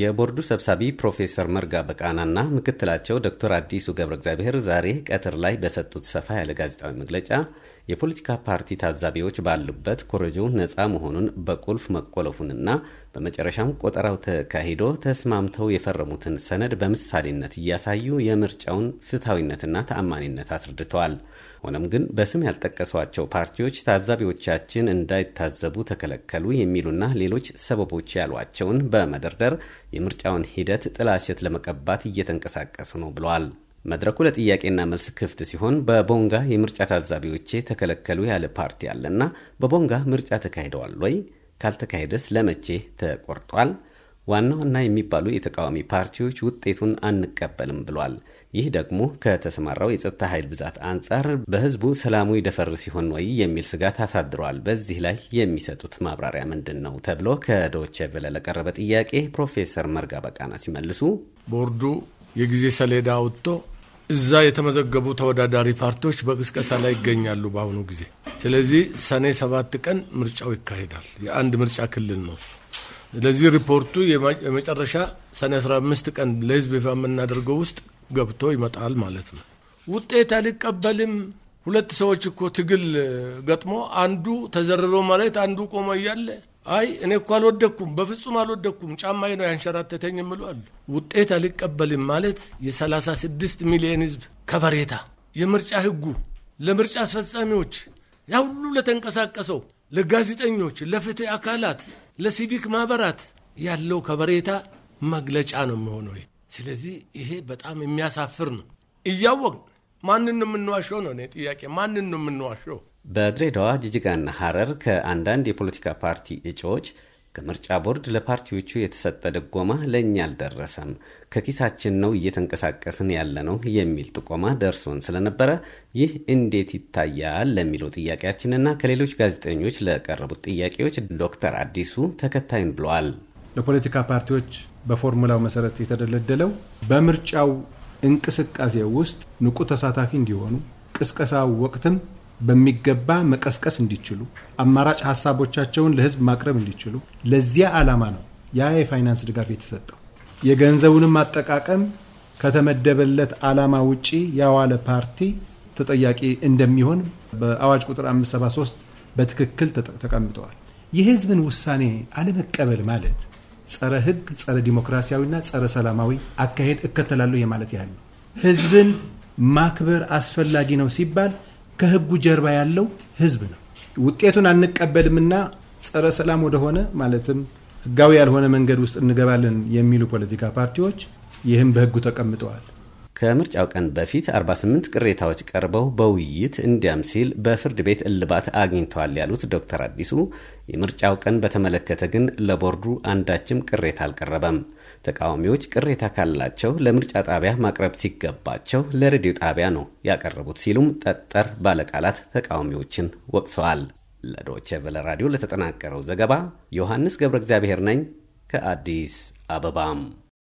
የቦርዱ ሰብሳቢ ፕሮፌሰር መርጋ በቃናና ምክትላቸው ዶክተር አዲሱ ገብረ እግዚአብሔር ዛሬ ቀትር ላይ በሰጡት ሰፋ ያለ ጋዜጣዊ መግለጫ የፖለቲካ ፓርቲ ታዛቢዎች ባሉበት ኮረጆው ነፃ መሆኑን በቁልፍ መቆለፉንና በመጨረሻም ቆጠራው ተካሂዶ ተስማምተው የፈረሙትን ሰነድ በምሳሌነት እያሳዩ የምርጫውን ፍትሐዊነትና ተአማኒነት አስረድተዋል። ሆኖም ግን በስም ያልጠቀሷቸው ፓርቲዎች ታዛቢዎቻችን እንዳይታዘቡ ተከለከሉ የሚሉና ሌሎች ሰበቦች ያሏቸውን በመደርደር የምርጫውን ሂደት ጥላሸት ለመቀባት እየተንቀሳቀሱ ነው ብለዋል። መድረኩ ለጥያቄና መልስ ክፍት ሲሆን በቦንጋ የምርጫ ታዛቢዎቼ ተከለከሉ ያለ ፓርቲ አለና በቦንጋ ምርጫ ተካሂደዋል ወይ? ካልተካሄደስ ለመቼ ተቆርጧል? ዋና ዋና የሚባሉ የተቃዋሚ ፓርቲዎች ውጤቱን አንቀበልም ብሏል። ይህ ደግሞ ከተሰማራው የጸጥታ ኃይል ብዛት አንጻር በህዝቡ ሰላሙ ይደፈር ሲሆን ወይ የሚል ስጋት አሳድሯል። በዚህ ላይ የሚሰጡት ማብራሪያ ምንድን ነው ተብሎ ከዶቼ ቬለ ለቀረበ ጥያቄ ፕሮፌሰር መርጋ በቃና ሲመልሱ ቦርዱ የጊዜ ሰሌዳ አውጥቶ እዛ የተመዘገቡ ተወዳዳሪ ፓርቲዎች በቅስቀሳ ላይ ይገኛሉ በአሁኑ ጊዜ። ስለዚህ ሰኔ ሰባት ቀን ምርጫው ይካሄዳል። የአንድ ምርጫ ክልል ነው እሱ ለዚህ ሪፖርቱ የመጨረሻ ሰኔ 15 ቀን ለህዝብ ይፋ የምናደርገው ውስጥ ገብቶ ይመጣል ማለት ነው። ውጤት አልቀበልም። ሁለት ሰዎች እኮ ትግል ገጥሞ አንዱ ተዘርሮ መሬት አንዱ ቆሞ እያለ አይ እኔ እኮ አልወደኩም፣ በፍጹም አልወደኩም፣ ጫማዬ ነው ያንሸራተተኝ የምሉ አሉ። ውጤት አልቀበልም ማለት የ36 ሚሊዮን ህዝብ ከበሬታ፣ የምርጫ ህጉ ለምርጫ አስፈጻሚዎች፣ ያ ሁሉ ለተንቀሳቀሰው፣ ለጋዜጠኞች፣ ለፍትህ አካላት ለሲቪክ ማህበራት ያለው ከበሬታ መግለጫ ነው የሚሆነው። ስለዚህ ይሄ በጣም የሚያሳፍር ነው። እያወቅ ማንን ነው የምንዋሸው? ነው እኔ ጥያቄ፣ ማንን ነው የምንዋሸው? በድሬዳዋ ጅጅጋና ሐረር ከአንዳንድ የፖለቲካ ፓርቲ እጩዎች ከምርጫ ቦርድ ለፓርቲዎቹ የተሰጠ ድጎማ ለእኛ አልደረሰም፣ ከኪሳችን ነው እየተንቀሳቀስን ያለነው የሚል ጥቆማ ደርሶን ስለነበረ ይህ እንዴት ይታያል ለሚለው ጥያቄያችንና ከሌሎች ጋዜጠኞች ለቀረቡት ጥያቄዎች ዶክተር አዲሱ ተከታይን ብለዋል። ለፖለቲካ ፓርቲዎች በፎርሙላው መሰረት የተደለደለው በምርጫው እንቅስቃሴ ውስጥ ንቁ ተሳታፊ እንዲሆኑ ቅስቀሳው ወቅትም በሚገባ መቀስቀስ እንዲችሉ፣ አማራጭ ሀሳቦቻቸውን ለህዝብ ማቅረብ እንዲችሉ፣ ለዚያ ዓላማ ነው ያ የፋይናንስ ድጋፍ የተሰጠው። የገንዘቡንም አጠቃቀም ከተመደበለት ዓላማ ውጪ ያዋለ ፓርቲ ተጠያቂ እንደሚሆን በአዋጅ ቁጥር 573 በትክክል ተቀምጠዋል። የህዝብን ውሳኔ አለመቀበል ማለት ጸረ ህግ፣ ጸረ ዲሞክራሲያዊና ጸረ ሰላማዊ አካሄድ እከተላለሁ የማለት ያህል ነው። ህዝብን ማክበር አስፈላጊ ነው ሲባል ከህጉ ጀርባ ያለው ህዝብ ነው። ውጤቱን አንቀበልምና ጸረ ሰላም ወደሆነ ማለትም ህጋዊ ያልሆነ መንገድ ውስጥ እንገባለን የሚሉ ፖለቲካ ፓርቲዎች ይህም በህጉ ተቀምጠዋል። ከምርጫው ቀን በፊት 48 ቅሬታዎች ቀርበው በውይይት እንዲያም ሲል በፍርድ ቤት እልባት አግኝተዋል ያሉት ዶክተር አዲሱ የምርጫው ቀን በተመለከተ ግን ለቦርዱ አንዳችም ቅሬታ አልቀረበም። ተቃዋሚዎች ቅሬታ ካላቸው ለምርጫ ጣቢያ ማቅረብ ሲገባቸው ለሬዲዮ ጣቢያ ነው ያቀረቡት ሲሉም ጠጠር ባለቃላት ተቃዋሚዎችን ወቅሰዋል። ለዶቼ ቨለ ራዲዮ ለተጠናቀረው ዘገባ ዮሐንስ ገብረ እግዚአብሔር ነኝ ከአዲስ አበባም